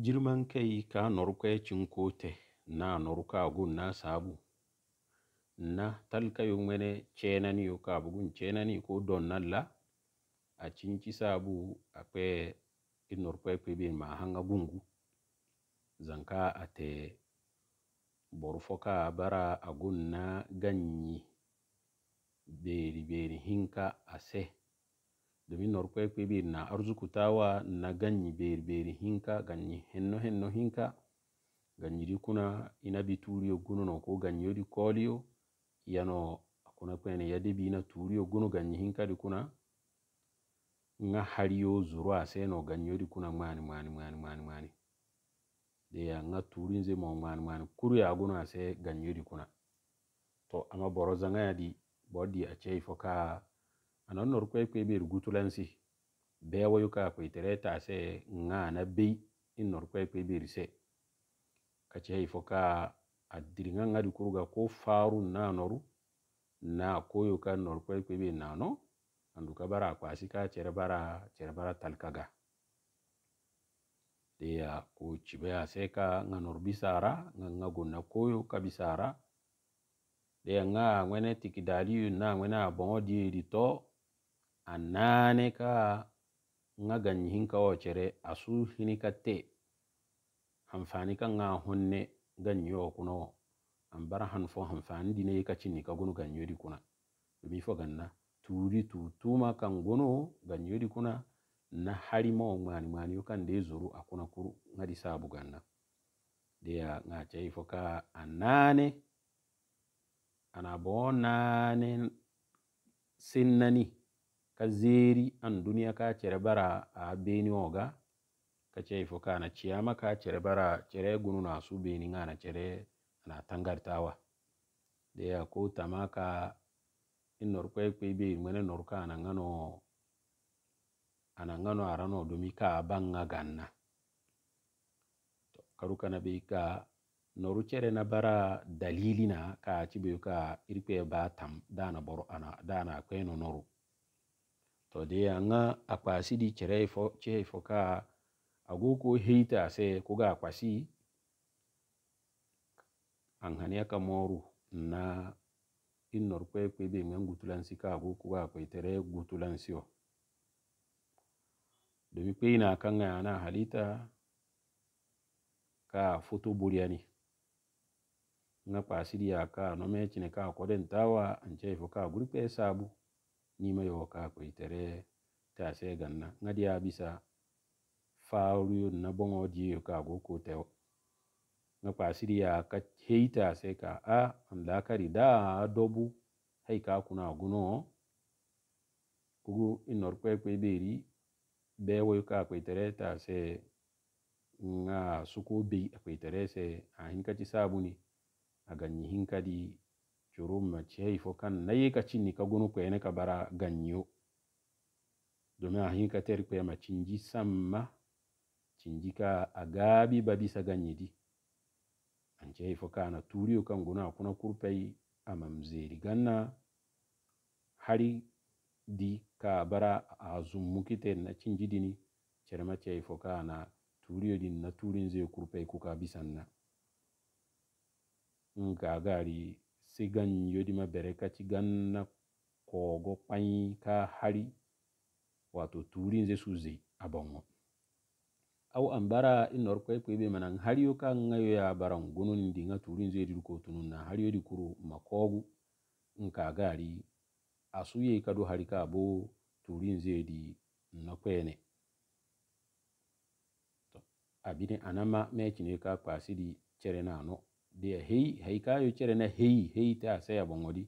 Girman kai ka norkwecin kote na norka gun na sabu na talka yung mene cenani yo ka bugun cenani ko don nalla a cinci sabu a akwe inorkwe bin ma hanga gungu zanka ate borfoka bara a agun na ganyi beri beri hinka ase domin norkwe kwe na arzukutawa na ganyi berberi hinka ganyi henno henno hinka ganyiri kuna inabi turiyo guno no ko ganyo di koliyo yano akuna kwene yade bi na turiyo ganyi hinka di nga hariyo zuru aseno ganyo di kuna mwani mwani mwani mwani mwani de ya nga turi nze mo mwani mwani kuru ya guno ase ganyo di kuna to ama boroza yadi bodi achei foka anonnor koye koyeɓir gutulansi bewoyu ka koytere tase ŋana bey innor koye koyeɓir se kacehey fo ka a diriŋa ŋadi kuruga ko faru nanoru na koyu ka nor koye koyeɓir nano andu ka bara kwasi ka cere bara cere bara talkaga deya ko cibeya se ka ŋa nor bisara ŋa ŋa gonna koyu ka bisara deya ŋa ŋwene tikidaliyu na ŋwene a boŋo diyedi to annane ka nga ganyihin ka wacere a su hini ka te hamfani ka nga hunne ganyi wa kuna wa an bar hanfo hamfani dine yi ka cinni ka gunu ganyo di kuna domi fo ganna turi tutuma kan gunu ganyo di kuna na harima wa mwani mwani yu kan de zuru akuna kuru nga di sabu ganna de ya nga chayi fo ka annane anabo nane sinnani ka zeri an duniya ka cire bara a beni oga ka ce ifo ka na ciyama ka cire bara cire gunu na su beni nga na cire na tangartawa de ya ko ka in nor kwe kwe be mene nor ka na ngano ana ngano arano domi ka ban nga ganna to karuka na be ka noru cere na bara dalili na ka cibe ka irpe ba tam dana boro ana dana kwe no noru to de anga akwasi di chere fo che ifoka agoko heita se ga akwasi aka moru na inor kwe kwe be men gutulansi ka ko ga kwe tere gutulansi o domin kwe ina kan yana halita ka foto buriani nga kwasi di aka no me chine ka kodentawa fo ka gurpe sabu nima yo ko itere ta se ganna ngadi ya bisa faru na bongo ji ka go ko te na kwasiri ya ka heita se ka a amla kari da dobu hai ka kuna guno kugu inor kwe kwe beri be wo ka ko itere ta se nga suko be ko itere se a hinkati sabuni a ganyi hinkadi curumma cei fo kan na ka cinni ka gunu kwene ka bara ganyo domin a hinka teri kwema cinji samma cinji ka agabi babisa ganyidi ance ifo kana turiyo kan guna kuna kurpai amamzeri ganna hari di ka bara a zummukite na cinji dini cerma ce kana turiyo din na turin zai kurpai kuka bisanna in sigan yodima bere ci ganna kogo kwai ka hari wato turin zai suze a bango au ambara bara in nor be manan hariyo ka ngayo ya barang gunun di nga turin zai dir ko tunun na hariyo di kuru makogu in ka gari asuye ka do hari ka bo turin zai di na kwene abini anama mecine ka kwasidi cere na no Diya hei hei ka yo chere na hei hei ta sai ya bongodi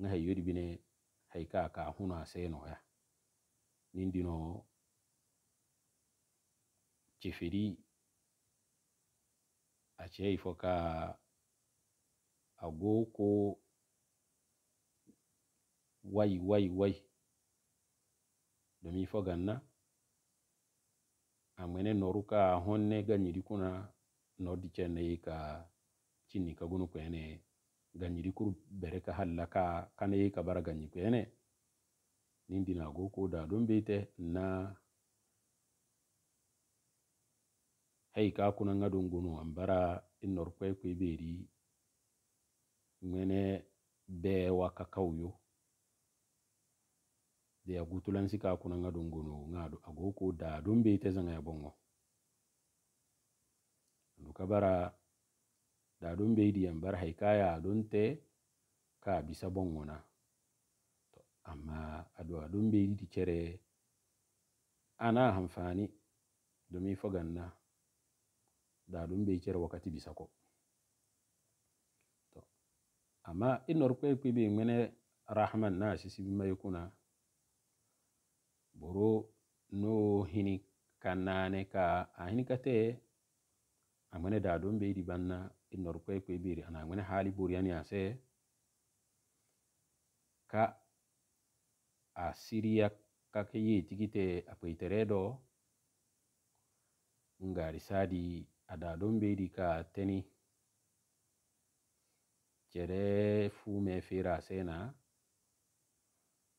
na hei yo dibine hei ka ka hunu no ya nindi no chifiri ache ifo ka wai wai wai domi foga na amene noruka honne ganyiri kuna nodi chene ka tinni kagunu kuene ganyiri kuru bere ka halla ka kana yi ka bara ganyi kuene nin dina go ko da don bete na hei ka kuna nga don gunu ambara inor kwe kwe beri mwene be wa kakau yo de agutulansi ka kuna nga don gunu nga do agoko da don bete zanga ya bongo ndukabara bara da don bai yam bar haikaya don te ka bisa bon wona to amma aɗo aɗon ɓeyɗiti cere ana hanfani fagan na da don bai kere wakati bisa ko to amma inor kwe kwiɓe mene rahman na sisibi mai kuna boro no hini kanane ka a hini kate a mene da bai di banna innorkoy koy biri ana ngene hali buriyani ase ka asiriya kake yi tigite apoiteredo ngari sadi adadon bedi ka teni cere fume fira sena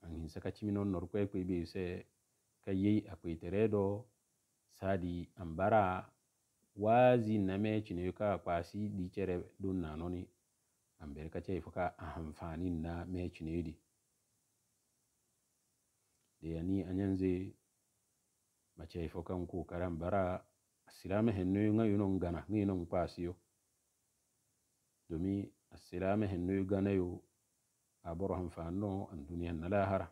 an hinsa ka ciminon norkoy koy se ka yi apoiteredo sadi ambara wazi name cine yuka kwasi di chere dun na noni ambere ka chee foka ahamfani na me cine yudi de yani anyanze ma chee foka nku karam bara asilame hennu yu nga yunong gana nga yunong kwasi yo domi asilame hennu yu gana yu aboro hamfano an dunia nala hara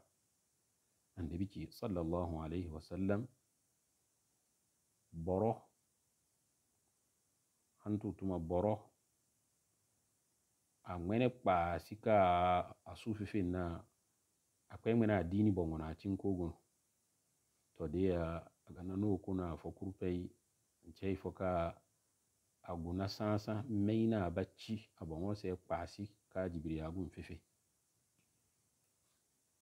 an debichi sallallahu alayhi wa sallam boro tuma bɔrɔ a ŋmɛnɛ kpaa sika a sufifin na a kpɛ ŋmɛnɛ a dini bɔŋɔna a cin kogono tɔ a gana no kuna a fɔ kurpɛi ncɛi fɔ ka a guna sãsã mmɛi na abachi bacci a bɔŋɔ sɛ kpaasi ka jibiri a gun fefe.